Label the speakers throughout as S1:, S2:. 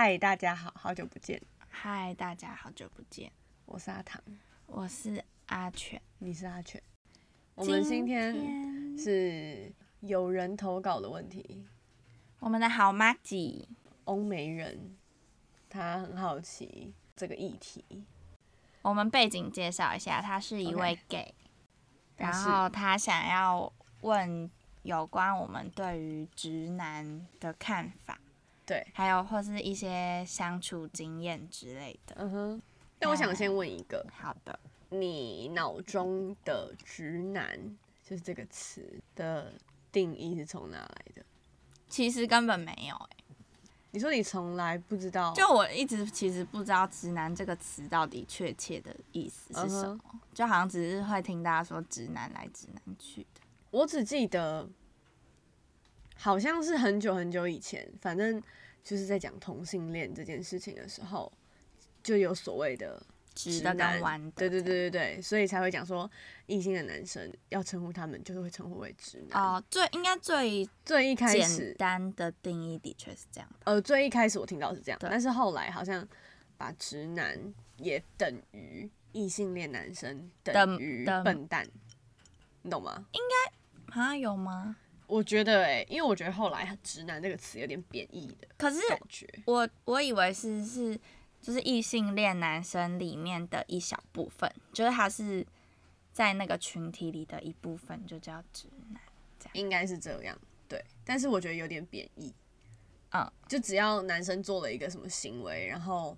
S1: 嗨，大家好，好久不見。嗨，大家好久不見。我是阿唐，我是阿全，你是阿全。我們今天是有人投稿的問題。我們的好麻吉，歐美人，她很好奇這個議題。我們背景介紹一下，她是一位 gay，okay，然後她想要問有關我們對於直男的看法。對，還有或是一些相處經驗之類的。嗯哼。那我想先問一個，嗯、好的，你腦中的“直男、嗯”就是這個詞的定義是從哪來的？其實根本沒有誒、欸。你說你從來不知道？就我一直其實不知道“直男”這個詞到底確切的意思是什麼、嗯，就好像只是會聽大家說“直男來直男去”的。我只記得。好像是很久很久以前，反正就是在講同性戀這件事情的時候，就有所謂的直男，對對對對對，所以才會講說異性的男生要稱呼他們，就是會稱呼為直男。哦、呃，最應該最最一開始簡單的定義的確是這樣。呃，最一開始我聽到是這樣，但是後來好像把直男也等於異性戀男生等於笨蛋等等，你懂嗎？應該好像有嗎？我覺得哎、欸，因為我覺得後來“直男”這個詞有點貶義的，可是我我，我以為是是就是異性戀男生裡面的一小部分，就是他是在那個群體裡的一部分，就叫直男，這樣，應該是這樣，對。但是我覺得有點貶義啊，uh, 就只要男生做了一個什麼行為，然後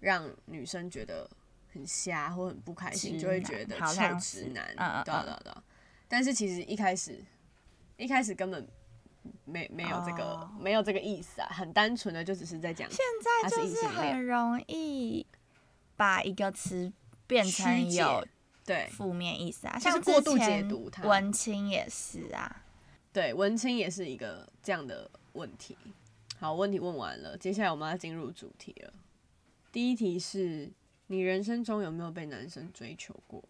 S1: 讓女生覺得很瞎或很不開心，就會覺得像直男，嗯對嗯對對、uh, uh. 對對對。但是其實一開始。一開始根本沒沒有這個、oh. 沒有這個意思啊，很單純的就只是在講。現在就是很容易把一個詞變成有對負面意思啊，像過度解讀文青也是啊，對文青也是一個這樣的問題。好，問題問完了，接下來我們要進入主題了。第一題是你人生中有沒有被男生追求過？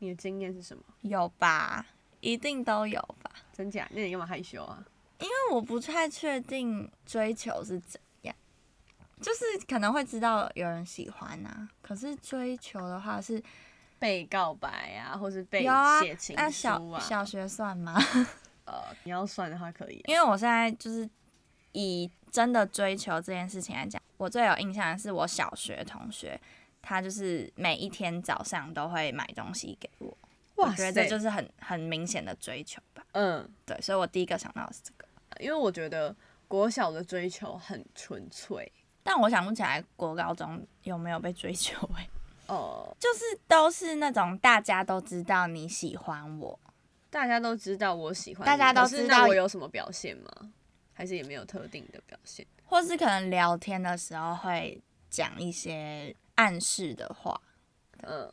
S1: 你的經驗是什麼？有吧。一定都有吧？真假？那你幹嘛害羞啊？因為我不太確定追求是怎樣，就是可能會知道有人喜歡吶、啊。可是追求的話是，被告白啊，或是被寫情書啊。啊，那小，小學算嗎？呃，你要算的話可以、啊。因為我現在就是以真的追求這件事情來講，我最有印象的是我小學同學，他就是每一天早上都會買東西給我。我覺得就是很很明顯的追求吧。嗯，對，所以我第一個想到的是這個，因為我覺得國小的追求很純粹，但我想不起來國高中有沒有被追求哎、欸。哦、呃，就是都是那種大家都知道你喜歡我，大家都知道我喜歡你我，大家都知道我有什麼表現嗎？還是也沒有特定的表現，或是可能聊天的時候會講一些暗示的話。嗯。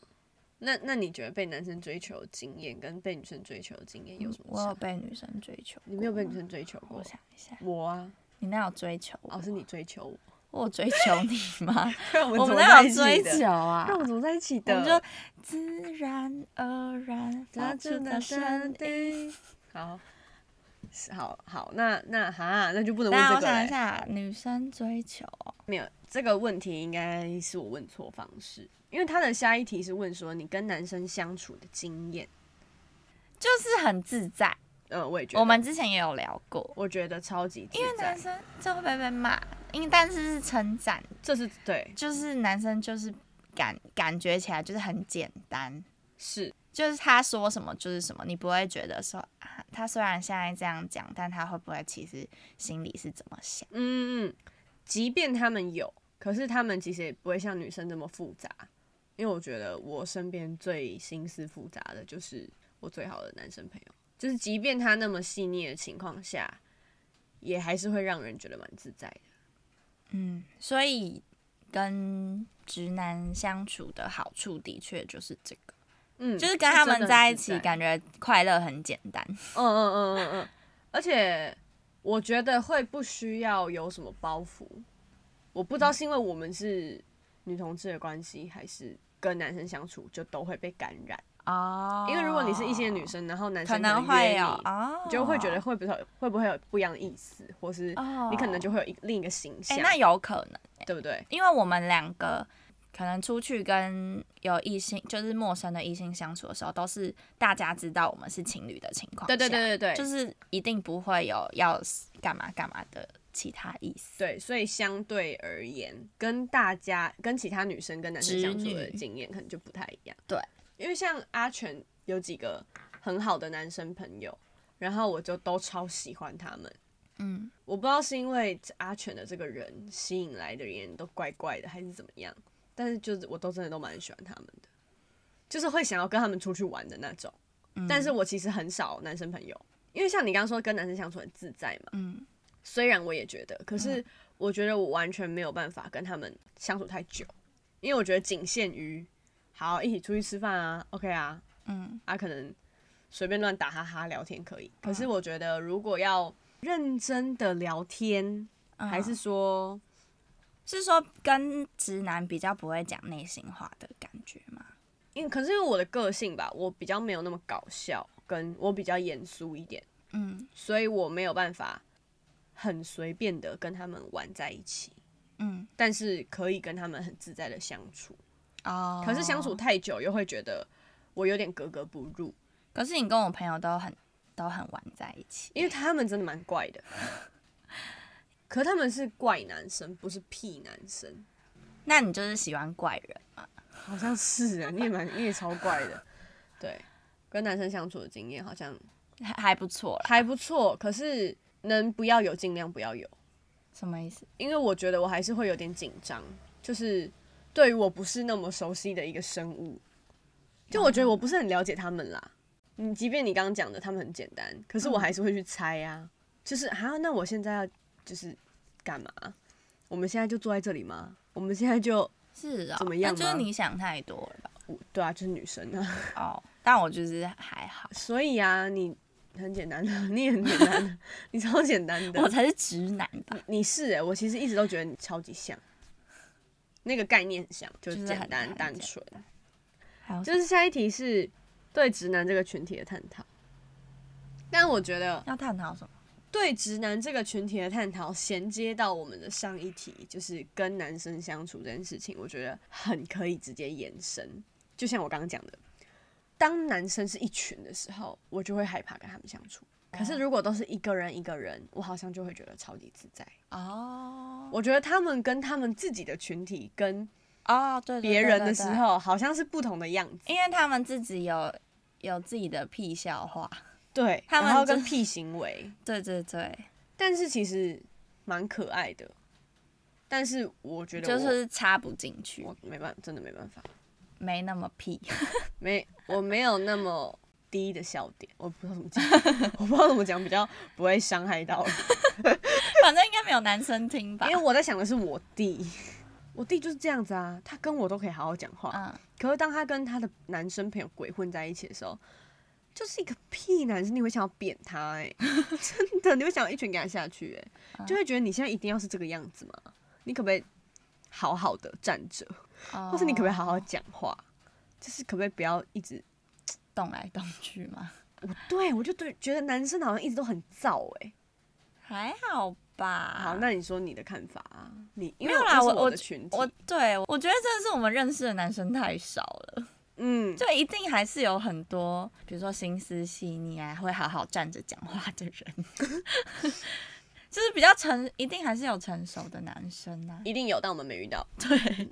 S1: 那那你覺得被男生追求的經驗跟被女生追求的經驗有什麼、嗯？我有被女生追求，你沒有被女生追求過？我想一下，我啊，你哪有追求我、哦，是你追求我，我追求你嗎？我們哪有追求啊？那我們怎麼在一起等我,、啊、我,我們就自然而然發出的聲音 好。好，好好，那那哈，那就不能問這個。問。那我想一下，女生追求，沒有這個問題，應該是我問錯方式。因為他的下一題是問說，你跟男生相處的經驗，就是很自在。呃、嗯，我也覺得我們之前也有聊過，我覺得超級自在，因為男生就會被罵，因為但是是稱讚，這是對，就是男生就是感感覺起來就是很簡單，是就是他說什麼就是什麼，你不會覺得說、啊、他雖然現在這樣講，但他會不會其實心裡是怎麼想？嗯嗯，即便他們有，可是他們其實也不會像女生這麼複雜。因為我覺得我身邊最心思複雜的就是我最好的男生朋友，就是即便他那麼細膩的情況下，也還是會讓人覺得蠻自在的。嗯，所以跟直男相處的好處的確就是這個，嗯，就是跟他們在一起感覺快樂很簡單。嗯 嗯嗯嗯嗯，嗯，嗯，嗯，而且我覺得會不需要有什麼包袱。我不知道是因為我們是女同志的關係，還是。跟男生相處就都會被感染啊，oh, 因為如果你是異性的女生，然後男生可能，可能會你，oh. 就會覺得會不會會不會有不一樣的意思，或是你可能就會有一個，oh. 另一個形象。欸，那有可能、欸，對不對？因為我們兩個可能出去跟有異性，就是陌生的異性相處的時候，都是大家知道我們是情侶的情況。對對對對對，就是一定不會有要幹嘛幹嘛的。其他意思對，所以相對而言，跟大家、跟其他女生、跟男生相處的經驗，可能就不太一樣。對，因為像阿全有幾個很好的男生朋友，然後我就都超喜歡他們。嗯，我不知道是因為阿全的這個人吸引來的人都怪怪的，還是怎麼樣，但是就是我都真的都蠻喜歡他們的，就是會想要跟他們出去玩的那種。嗯。但是我其實很少男生朋友，因為像你剛剛說，跟男生相處很自在嘛。嗯。雖然我也覺得，可是我覺得我完全沒有辦法跟他們相處太久，嗯、因為我覺得僅限於好一起出去吃飯啊、嗯、，OK 啊，嗯，啊可能隨便亂打哈哈聊天可以、嗯，可是我覺得如果要認真的聊天，嗯、還是說、嗯、是說跟直男比較不會講內心話的感覺嗎？因為可是因為我的個性吧，我比較沒有那麼搞笑，跟我比較嚴肅一點，嗯，所以我沒有辦法。很隨便的跟他們玩在一起，嗯，但是可以跟他們很自在的相處，哦，可是相處太久又會覺得我有點格格不入。可是你跟我朋友都很都很玩在一起，因為他們真的蠻怪的， 可他們是怪男生，不是屁男生。那你就是喜歡怪人啊？好像是啊，你也蠻 你也超怪的，對，跟男生相處的經驗好像還還不錯，還不錯，可是。能不要有盡量不要有，什麼意思？因為我覺得我還是會有點緊張，就是對於我不是那麼熟悉的一個生物，就我覺得我不是很了解他們啦。你即便你剛剛講的他們很簡單，可是我還是會去猜啊。嗯、就是啊，那我現在要就是幹嘛？我們現在就坐在這裡嗎？我們現在就？是啊，怎麼樣？那就是你想太多了吧？我，對啊，就是女生啊。哦，但我就是還好。所以啊，你。很簡單的，你也很簡單的， 你超簡單的， 我才是直男吧你。你是哎、欸，我其實一直都覺得你超級像，那個概念很像，就是簡單單純。就是下一題是對直男這個群體的探討，但我覺得要探討什麼？對直男這個群體的探討，銜接到我們的上一題，就是跟男生相處這件事情，我覺得很可以直接延伸，就像我剛剛講的。當男生是一群的時候，我就會害怕跟他們相處。可是如果都是一個人一個人，我好像就會覺得超級自在哦、oh。我覺得他們跟他們自己的群體跟啊對別人的時候、oh, 對對對對對，好像是不同的樣子。因為他們自己有有自己的屁笑話，對他們然後跟屁行為、就是，對對對。但是其實蠻可愛的，但是我覺得我就是插不進去，我沒辦法，真的沒辦法。沒那麼屁， 沒，我沒有那麼低的笑點，我不知道怎麼講， 我不知道怎麼講比較不會傷害到， 反正應該沒有男生聽吧。因為我在想的是我弟，我弟就是這樣子啊，他跟我都可以好好講話、嗯，可是當他跟他的男生朋友鬼混在一起的時候，就是一個屁男生，你會想要扁他哎、欸， 真的你會想要一拳給他下去哎、欸，就會覺得你現在一定要是這個樣子嗎？嗯、你可不可以好好的站着？或是你可不可以好好講話？Oh, 就是可不可以不要一直動來動去嘛？我對我就對覺得男生好像一直都很躁哎、欸，還好吧。好，那你說你的看法啊？你，因為我的群體，沒有啦，我我我，對，我覺得真的是我們認識的男生太少了。嗯，就一定還是有很多，比如說心思細膩啊，會好好站着講話的人。 就是比較成，一定還是有成熟的男生呢、啊，一定有，但我們沒遇到。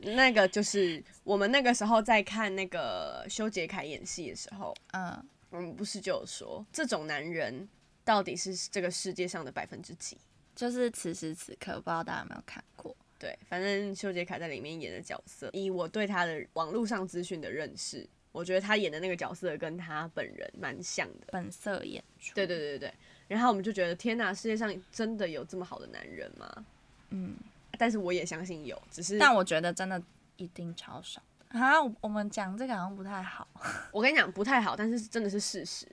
S1: 對，那個就是我們那個時候在看那個修杰楷演戲的時候，嗯，我們不是就有說這種男人到底是這個世界上的百分之幾？就是此時此刻，不知道大家有沒有看過？對，反正修杰楷在裡面演的角色，以我對他的網絡上資訊的認識，我覺得他演的那個角色跟他本人蠻像的，本色演出。對對對對對。然後我們就覺得天吶，世界上真的有這麼好的男人嗎？嗯，但是我也相信有，只是但我覺得真的一定超少啊！我我們講這個好像不太好。 我跟你講不太好，但是真的是事實，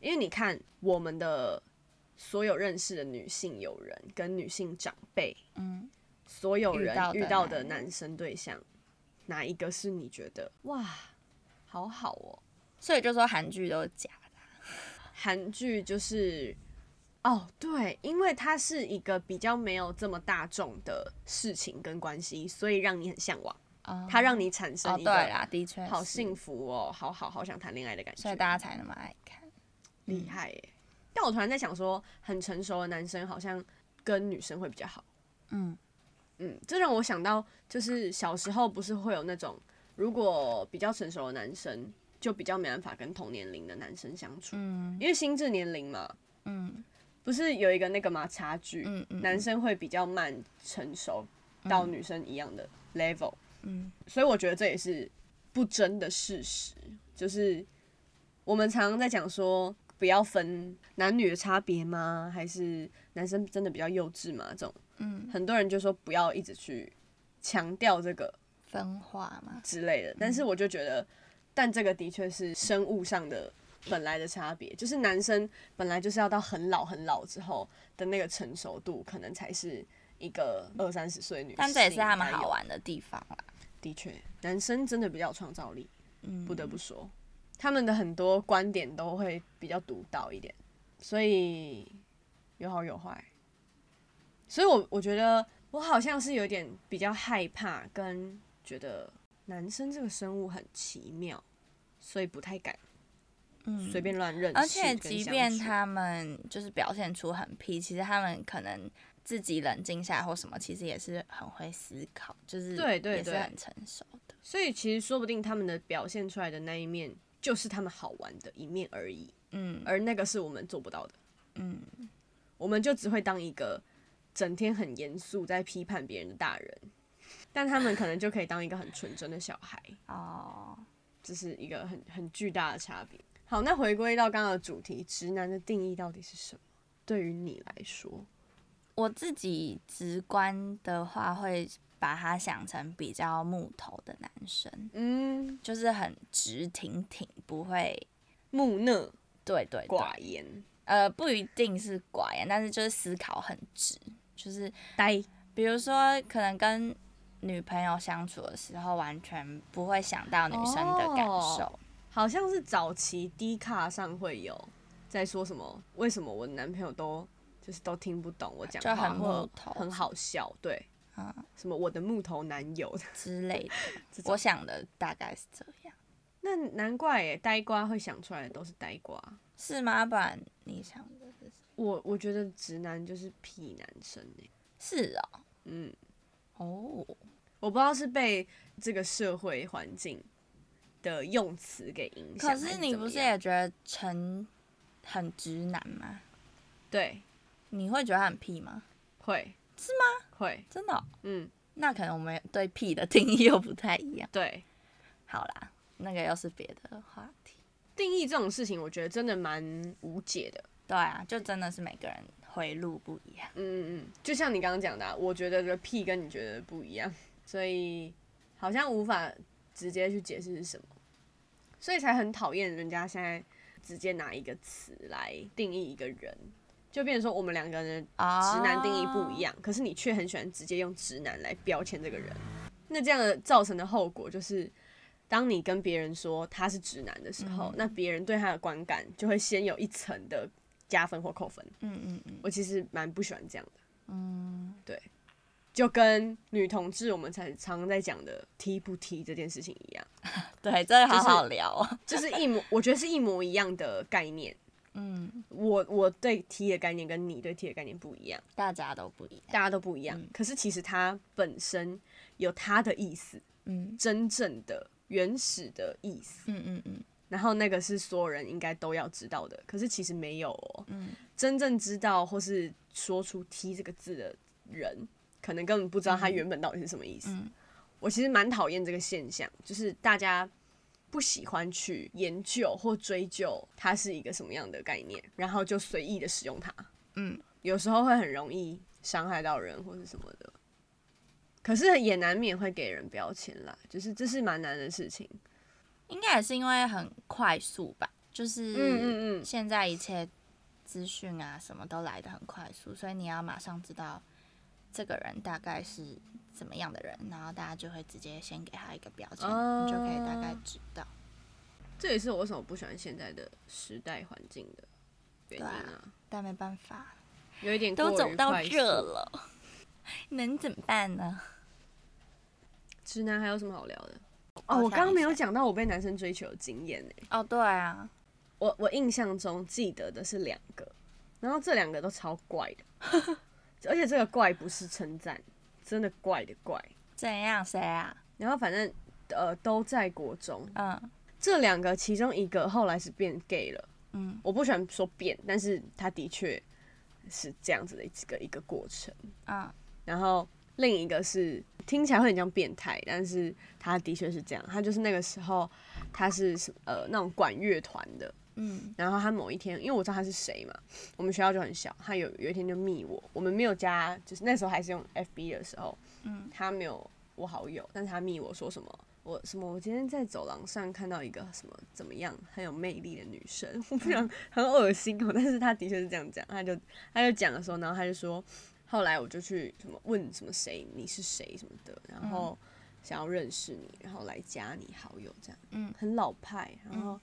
S1: 因為你看我們的所有認識的女性友人，跟女性長輩，嗯，所有人遇到的男生對象，嗯、哪一個是你覺得哇，好好哦？所以就說韓劇都是假的，韓劇就是。哦，對，因為他是一個比較沒有這麼大眾的事情跟關係，所以讓你很向往，他讓你產生對啊，的確好幸福哦，好好好想談戀愛的感覺，所以大家才那麼愛看，厲害耶！但我突然在想說，說很成熟的男生好像跟女生會比較好，嗯嗯，這讓我想到，就是小時候不是會有那種如果比較成熟的男生就比較沒辦法跟同年齡的男生相處，嗯，因為心智年齡嘛，嗯。不是有一個那個嘛，差距，男生會比較慢成熟到女生一樣的 level，嗯，所以我覺得這也是不爭的事實，就是我們常常在講說不要分男女的差別嗎？還是男生真的比較幼稚嗎？這種，嗯，很多人就說不要一直去強調這個分化嘛之類的。但是我就覺得，但這個的確是生物上的。本來的差別就是男生本來就是要到很老很老之後的那個成熟度，可能才是一個二三十歲女生。但這也是他們好玩的地方啦。的確，男生真的比較有創造力。嗯，不得不說，他們的很多觀點都會比較獨到一點，所以有好有壞。所以我我覺得我好像是有點比較害怕，跟覺得男生這個生物很奇妙，所以不太敢。隨便亂認，而且即便他們就是表現出很皮，其實他們可能自己冷靜下來或什麼，其實也是很會思考，就是對對對，很成熟的對對對。所以其實說不定他們的表現出來的那一面，就是他們好玩的一面而已。嗯，而那個是我們做不到的。嗯，我們就只會當一個整天很嚴肅在批判別人的大人，但他們可能就可以當一個很純真的小孩。哦，這是一個很很巨大的差別。好，那回歸到剛剛的主題，直男的定義到底是什麼？對於你來說，我自己直觀的話，會把他想成比較木頭的男生，嗯，就是很直挺挺，不會木訥，對，對對，寡言，呃，不一定是寡言，但是就是思考很直，就是比如說，可能跟女朋友相處的時候，完全不會想到女生的感受。哦。好像是早期 Dcard 上會有在說什麼？為什麼我男朋友都就是都聽不懂我講話很，很好笑？對，啊，什麼我的木頭男友之類的，我想的大概是這樣。那難怪哎、欸，呆瓜會想出來的都是呆瓜，是嗎？不然你想的是什麼？我我覺得直男就是 P 男生、欸、是啊、哦，嗯，哦、oh.，我不知道是被這個社會環境的用詞給影響，可是你不是也覺得陳很直男嗎？對，你會覺得他很屁嗎？會是嗎？會，真的喔？嗯，那可能我們對屁的定義又不太一樣。對，好啦，那個又是別的話題。定義這種事情，我覺得真的蠻無解的。對啊，就真的是每個人回路不一樣。嗯嗯嗯，就像你剛剛講的啊，我覺得這個屁跟你覺得不一樣，所以好像無法。直接去解釋是什麼，所以才很討厭人家現在直接拿一個詞來定義一個人，就變成說我們兩個人的直男定義不一樣，oh. 可是你卻很喜歡直接用直男來標籤這個人。那這樣的造成的後果就是，當你跟別人說他是直男的時候，mm -hmm. 那別人對他的觀感就會先有一層的加分或扣分。嗯嗯嗯，我其實蠻不喜歡這樣的。嗯、mm -hmm.，對。就跟女同志我們常常在講的踢不踢這件事情一樣，對，真的好好聊啊，就是一模，我覺得是一模一樣的概念。嗯，我我對踢的概念跟你對踢的概念不一樣，大家都不一樣，大家都不一樣。可是其實它本身有它的意思，嗯，真正的原始的意思，嗯嗯嗯。然後那個是所有人應該都要知道的，可是其實沒有哦，嗯，真正知道或是說出踢這個字的人。可能根本不知道它原本到底是什麼意思。嗯嗯、我其實蠻討厭這個現象，就是大家不喜歡去研究或追究它是一個什麼樣的概念，然後就隨意的使用它。嗯，有時候會很容易傷害到人或是什麼的。可是也難免會給人標籤啦，就是這是蠻難的事情。應該也是因為很快速吧，就是嗯嗯嗯，現在一切資訊啊什麼都來得很快速，所以你要馬上知道這個人大概是怎麼樣的人？然後大家就會直接先給他一個標籤，呃，你就可以大概知道。這也是我為什麼不喜歡現在的時代環境的原因啊，對啊！但沒辦法，
S2: 有一點都走到這了，
S1: 能怎麼辦呢？直男還有什麼好聊的？哦，oh, 我剛剛沒有講到我被男生追求的經驗哦，欸，oh, 對啊，我我印象中記得的是兩個，然後這兩個都超怪的。 而且這個怪不是稱讚，真的怪的怪。怎樣？誰啊？然後反正呃都在國中。嗯。這兩個其中一個後來是變 gay 了。嗯。我不喜歡說變，但是他的確是這樣子的一個一個過程。啊、嗯。然後另一個是聽起來會很像變態，但是他的確是這樣。他就是那個時候他是呃那種管樂團的。嗯，然後他某一天，因為我知道他是誰嘛，我們學校就很小，他有有一天就密我，我們沒有加，就是那時候還是用 FB 的時候，嗯，他沒有我好友，但是他密我說什麼，我什麼，我今天在走廊上看到一個什麼怎麼樣很有魅力的女生，我不想很惡心喔，但是他的確是這樣講，他就他就講的時候，然後他就說，後來我就去什麼問什麼誰，你是誰什麼的，然後想要認識你，然後來加你好友這樣，嗯，很老派，然後。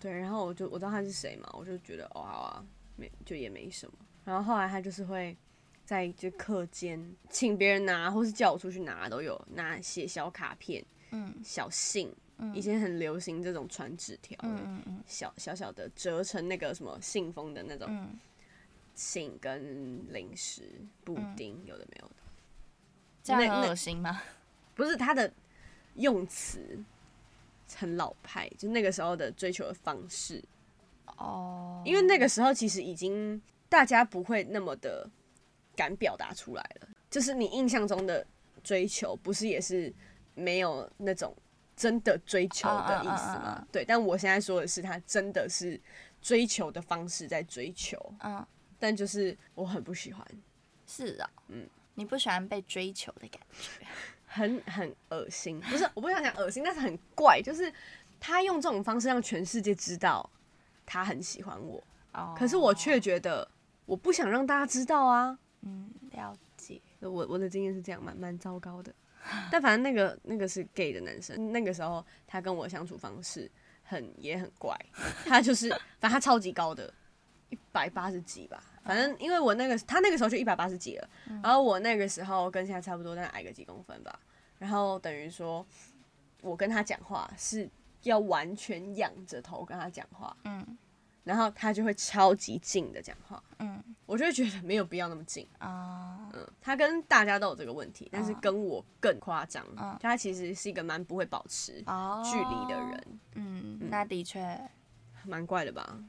S1: 對，然後我就我知道他是誰嘛，我就覺得哇、哦、啊，沒就也沒什麼。然後後來他就是會在就課間請別人拿，或是叫我出去拿，都有拿寫小卡片，嗯、小信，以、嗯、前很流行這種傳紙條的、嗯，小小小的折成那個什麼信封的那種、嗯、信跟零食布丁、嗯，有的沒有的，這樣噁心嗎？不是他的用詞。很老派，就那個時候的追求的方式，哦、oh.，因為那個時候其實已經大家不會那麼的敢表達出來了。就是你印象中的追求，不是也是沒有那種真的追求的意思嗎？Oh, oh, oh, oh, oh. 對，但我現在說的是他真的是追求的方式在追求，啊、oh.。但就是我很不喜歡。是啊、哦，嗯，你不喜歡被追求的感覺。很很噁心，不是，我不想講噁心，但是很怪，就是他用這種方式讓全世界知道他很喜歡我，Oh. 可是我卻覺得我不想讓大家知道啊。嗯，了解。我我的經驗是這樣，蠻蠻糟糕的。 但反正那個那個是 gay 的男生，那個時候他跟我相處方式很也很怪，他就是反正他超級高的，一百八十幾吧。反正因為我那個他那個時候就一百八十幾了，嗯，然後我那個時候跟現在差不多，大概矮個幾公分吧。然後等於說，我跟他講話是要完全仰着頭跟他講話，嗯，然後他就會超級近的講話，嗯，我就會覺得沒有必要那麼近啊，嗯。嗯，他跟大家都有這個問題，但是跟我更誇張。嗯，他其實是一個蠻不會保持距離的人，哦，嗯，嗯，那的確蠻怪的吧。嗯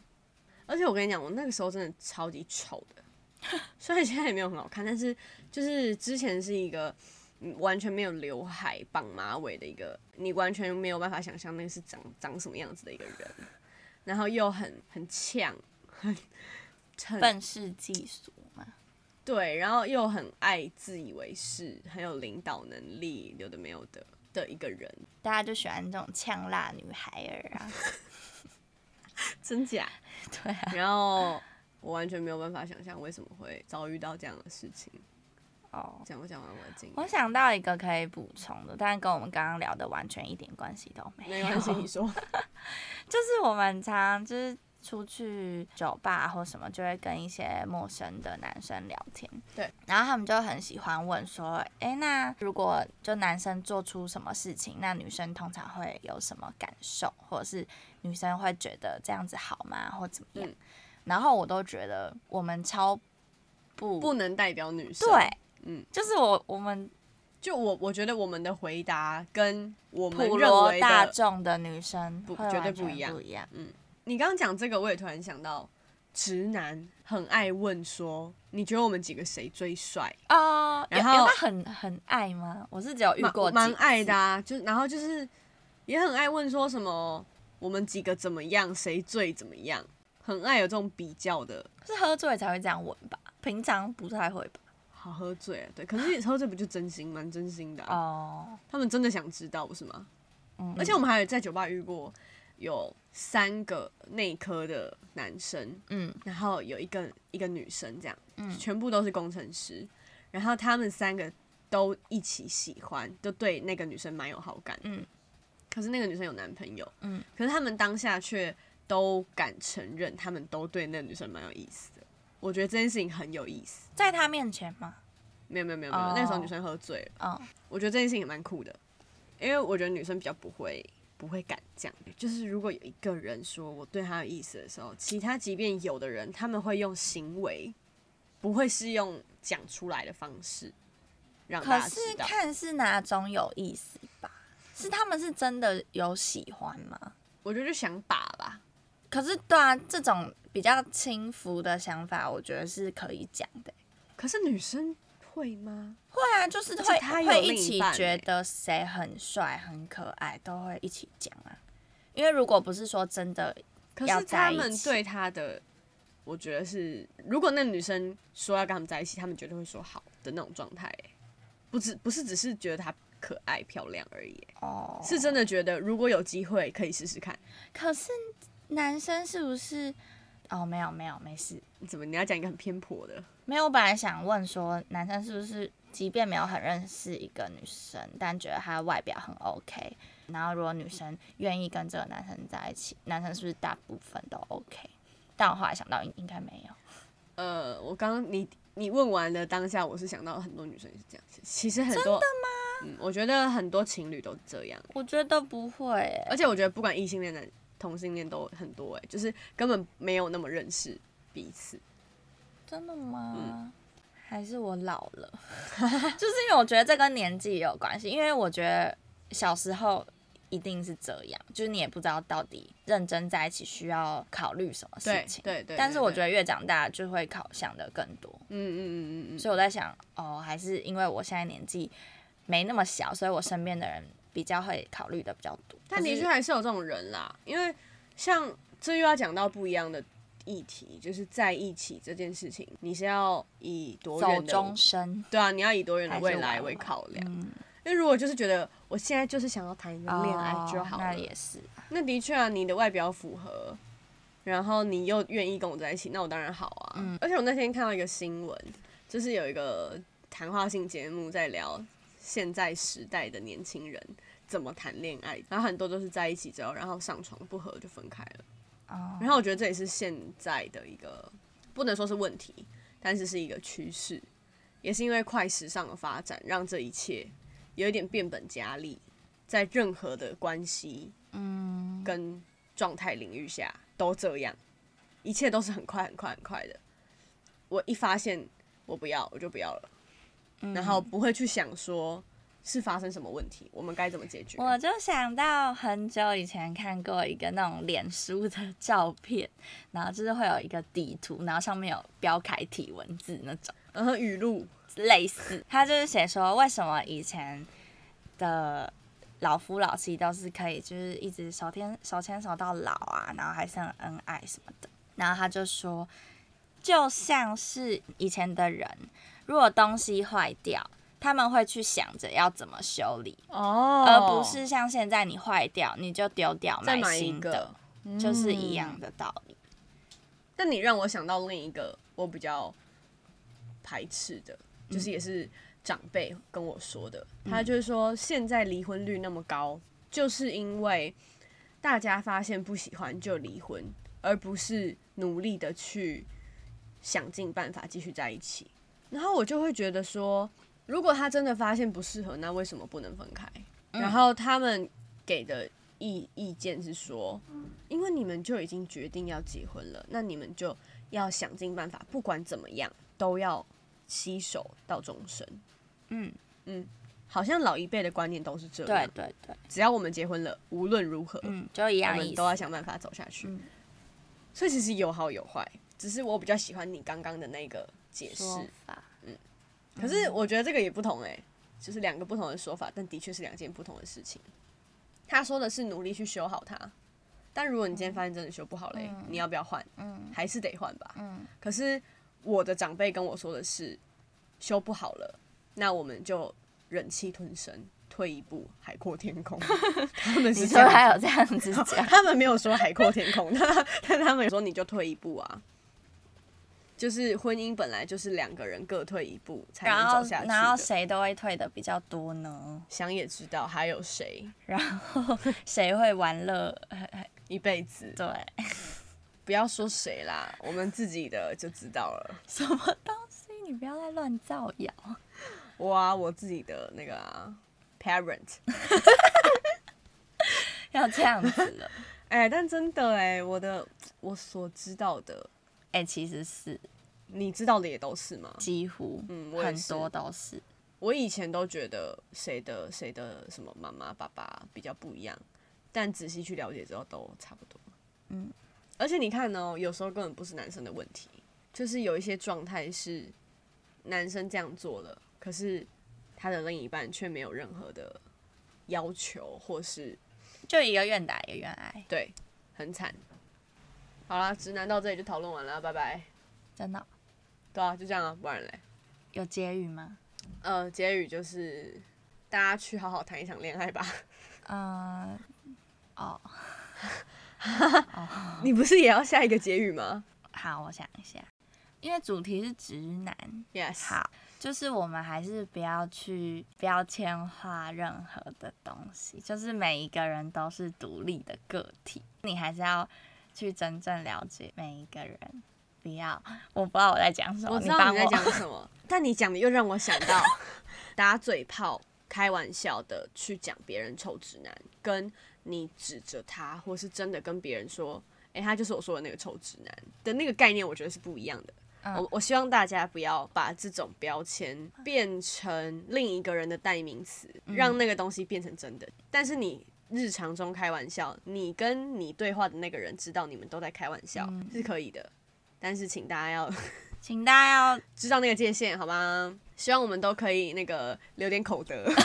S1: 而且我跟你講，我那個時候真的超級醜的，雖然現在也沒有很好看，但是就是之前是一個完全沒有劉海、綁馬尾的一個，你完全沒有辦法想象那個是長長什麼樣子的一個人，然後又很很嗆，很憤世嫉俗嘛，對，然後又很愛自以為是，很有領導能力，有的沒有的的一個人，大家就喜歡這種嗆辣女孩兒啊。 真假對啊，然後我完全沒有辦法想象為什麼會遭遇到這樣的事情。哦，講不講完我的經，我想到一個可以補充的，但跟我們剛剛聊的完全一點關係都沒有。沒關係，你說，就是我們常就是。出去酒吧或什麼，就會跟一些陌生的男生聊天。對，然後他們就很喜歡問說：“哎，那如果就男生做出什麼事情，那女生通常會有什麼感受，或者是女生會覺得這樣子好嗎，或怎麼樣？”嗯，然後我都覺得我們超不不能代表女生。對，嗯，就是我我們就我我覺得我們的回答跟我們普羅大眾的女生絕對不一樣，不，不一樣，嗯。你剛剛講這個，我也突然想到，直男很愛問說：“你覺得我們幾個誰最帥？”啊，然後他很很愛嗎？我是只有遇過蠻蠻愛的啊，就然後就是也很愛問說什麼我們幾個怎麼樣，誰最怎麼樣，很愛有這種比較的，是喝醉才會這樣問吧？平常不太會吧？好喝醉、啊、對，可是你喝醉不就真心蠻真心的、啊、哦？他們真的想知道是嗎？嗯，嗯，而且我們還有在酒吧遇過。有三個內科的男生，嗯，然後有一個一個女生，這樣，嗯，全部都是工程師，然後他們三個都一起喜歡，都對那個女生蠻有好感，嗯，可是那個女生有男朋友，嗯，可是他們當下卻都敢承認，他們都對那個女生蠻有意思的，我覺得這件事情很有意思。在他面前嗎？沒有沒有沒有，Oh. 那時候女生喝醉了，Oh. Oh. 我覺得這件事情蠻酷的，因為我覺得女生比較不會。不會敢講，樣，就是如果有一個人說我對他有意思的時候，其他即便有的人他們會用行為，不會是用講出來的方式，讓。可是看是哪種有意思吧，是他們是真的有喜歡嗎？我覺得就想把吧，可是對啊，這種比較輕浮的想法，我覺得是可以講的。可是女生。會嗎？會啊，就是會他有一、欸、會一起覺得誰很帥、很可愛，都會一起講啊。因為如果不是說真的要，可是他們對他的，我覺得是，如果那女生說要跟他們在一起，他們絕對會說好的那種狀態、欸。不只不是只是覺得他可愛、漂亮而已、欸，哦、oh.，是真的覺得如果有機會可以試試看。可是男生是不是？哦，沒有沒有，沒事。你怎麼你要講一個很偏頗的？沒有，我本來想問說，男生是不是即便沒有很認識一個女生，但覺得她外表很 OK，然後如果女生願意跟這個男生在一起，男生是不是大部分都 OK？但我後來想到，應應該沒有。呃，我剛你你問完的當下，我是想到很多女生是這樣，其實很多，真的嗎？嗯，我覺得很多情侶都這樣。我覺得不會，而且我覺得不管異性戀的。同性戀都很多哎、欸，就是根本沒有那麼認識彼此。真的嗎？嗯、還是我老了？ 就是因為我覺得這跟年紀也有關係，因為我覺得小時候一定是這樣，就是你也不知道到底認真在一起需要考慮什麼事情。對對,對對對。但是我覺得越長大就會考想得更多。嗯嗯嗯嗯嗯。所以我在想，哦，還是因為我現在年紀沒那麼小，所以我身邊的人。比較會考慮的比較多，但的確還是有這種人啦。因為像這又要講到不一樣的議題，就是在一起這件事情，你是要以多遠的？走終身？對啊，你要以多遠的未來為考量。因為如果就是覺得我現在就是想要談一個戀愛就好了、哦、那也是。那的確啊，你的外表符合，然後你又願意跟我在一起，那我當然好啊。嗯。而且我那天看到一個新聞，就是有一個談話性節目在聊。現在時代的年輕人怎麼談戀愛？然後很多都是在一起之後，然後上床不合就分開了。然後我覺得這也是現在的一個不能說是問題，但是是一個趨勢，也是因為快時尚的發展讓這一切有一點變本加厲，在任何的關係、嗯，跟狀態領域下都這樣，一切都是很快很快很快的。我一發現我不要，我就不要了。然後不會去想說是發生什麼問題、嗯，我們該怎麼解決？我就想到很久以前看過一個那種臉書的照片，然後就是會有一個底圖，然後上面有標楷體文字那種，然後語錄類似，他就是寫說，為什麼以前的老夫老妻都是可以，就是一直手牽手牽手到老啊，然後還像恩愛什麼的。然後他就說，就像是以前的人，如果東西壞掉，他們會去想着要怎麼修理哦，oh, 而不是像現在你壞掉，你就丟掉，買新的，買一個、嗯，就是一樣的道理。但你讓我想到另一個我比較排斥的，嗯、就是也是長輩跟我說的、嗯，他就是說現在離婚率那麼高、嗯，就是因為大家發現不喜歡就離婚，而不是努力的去想盡辦法繼續在一起。然後我就會覺得說，如果他真的發現不適合，那為什麼不能分開？嗯、然後他們給的意意見是說、嗯，因為你們就已經決定要結婚了，那你們就要想盡辦法，不管怎麼樣都要攜手到終身。嗯嗯，好像老一輩的觀念都是這樣。對對對，只要我們結婚了，無論如何，就一樣意思，都要想辦法走下去。嗯、所以其實有好有壞，只是我比較喜歡你剛剛的那個。解釋、嗯，嗯，可是我覺得這個也不同誒、欸，就是兩個不同的說法，但的確是兩件不同的事情。他說的是努力去修好它，但如果你今天發現真的修不好嘞、欸嗯，你要不要換、嗯？還是得換吧、嗯。可是我的長輩跟我說的是，修不好了，那我們就忍氣吞聲，退一步海闊天空。 他們是你說還有這樣子講，他們沒有說海闊天空，他 但他們說你就退一步啊。就是婚姻本來就是兩個人各退一步才能走下去的，然後，然後誰都會退的比較多呢？想也知道，還有誰？然後誰會玩樂 一輩子？對，不要說誰啦，我們自己的就知道了。什麼東西？你不要再亂造謠。哇、啊，我自己的那個啊 parent， 要這樣子了。哎、 欸，但真的哎、欸，我的我所知道的哎、欸，其實是。你知道的也都是嗎？幾乎嗯，嗯，很多都是。我以前都覺得誰的誰的什麼媽媽爸爸比較不一樣，但仔細去了解之後都差不多。嗯，而且你看哦，有時候根本不是男生的問題，就是有一些狀態是男生這樣做了，可是他的另一半卻沒有任何的要求，或是就一個願打一個願挨。對，很慘。好啦，直男到這裡就討論完了，拜拜。真的。 對啊，就這樣啊，不然嘞。有結語嗎？呃，結語就是大家去好好談一場戀愛吧。呃，哦。哈 哈、哦。 你不是也要下一個結語嗎、嗯？好，我想一下。因為主題是直男。Yes。好，就是我們還是不要去標籤化任何的東西，就是每一個人都是獨立的個體。你還是要去真正了解每一個人。不要，我不知道我在講什麼。我知道你在講什麼，你 但你講的又讓我想到打嘴炮、開玩笑的去講別人臭直男，跟你指着他，或是真的跟別人說，誒、欸，他就是我說的那個臭直男的那個概念，我覺得是不一樣的。嗯、我我希望大家不要把這種標籤變成另一個人的代名詞，讓那個東西變成真的、嗯。但是你日常中開玩笑，你跟你對話的那個人知道你們都在開玩笑，嗯、是可以的。但是，請大家要，請大家要 知道那個界限，好嗎？希望我們都可以那個留點口德。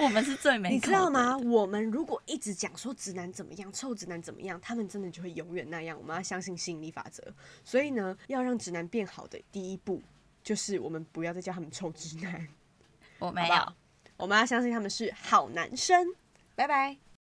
S1: 我們是最美的。 你知道嗎？我們如果一直講說直男怎麼樣，臭直男怎麼樣，他們真的就會永遠那樣。我們要相信吸引力法則。所以呢，要讓直男變好的第一步，就是我們不要再叫他們臭直男。我沒有。好不好？我們要相信他們是好男生。拜拜。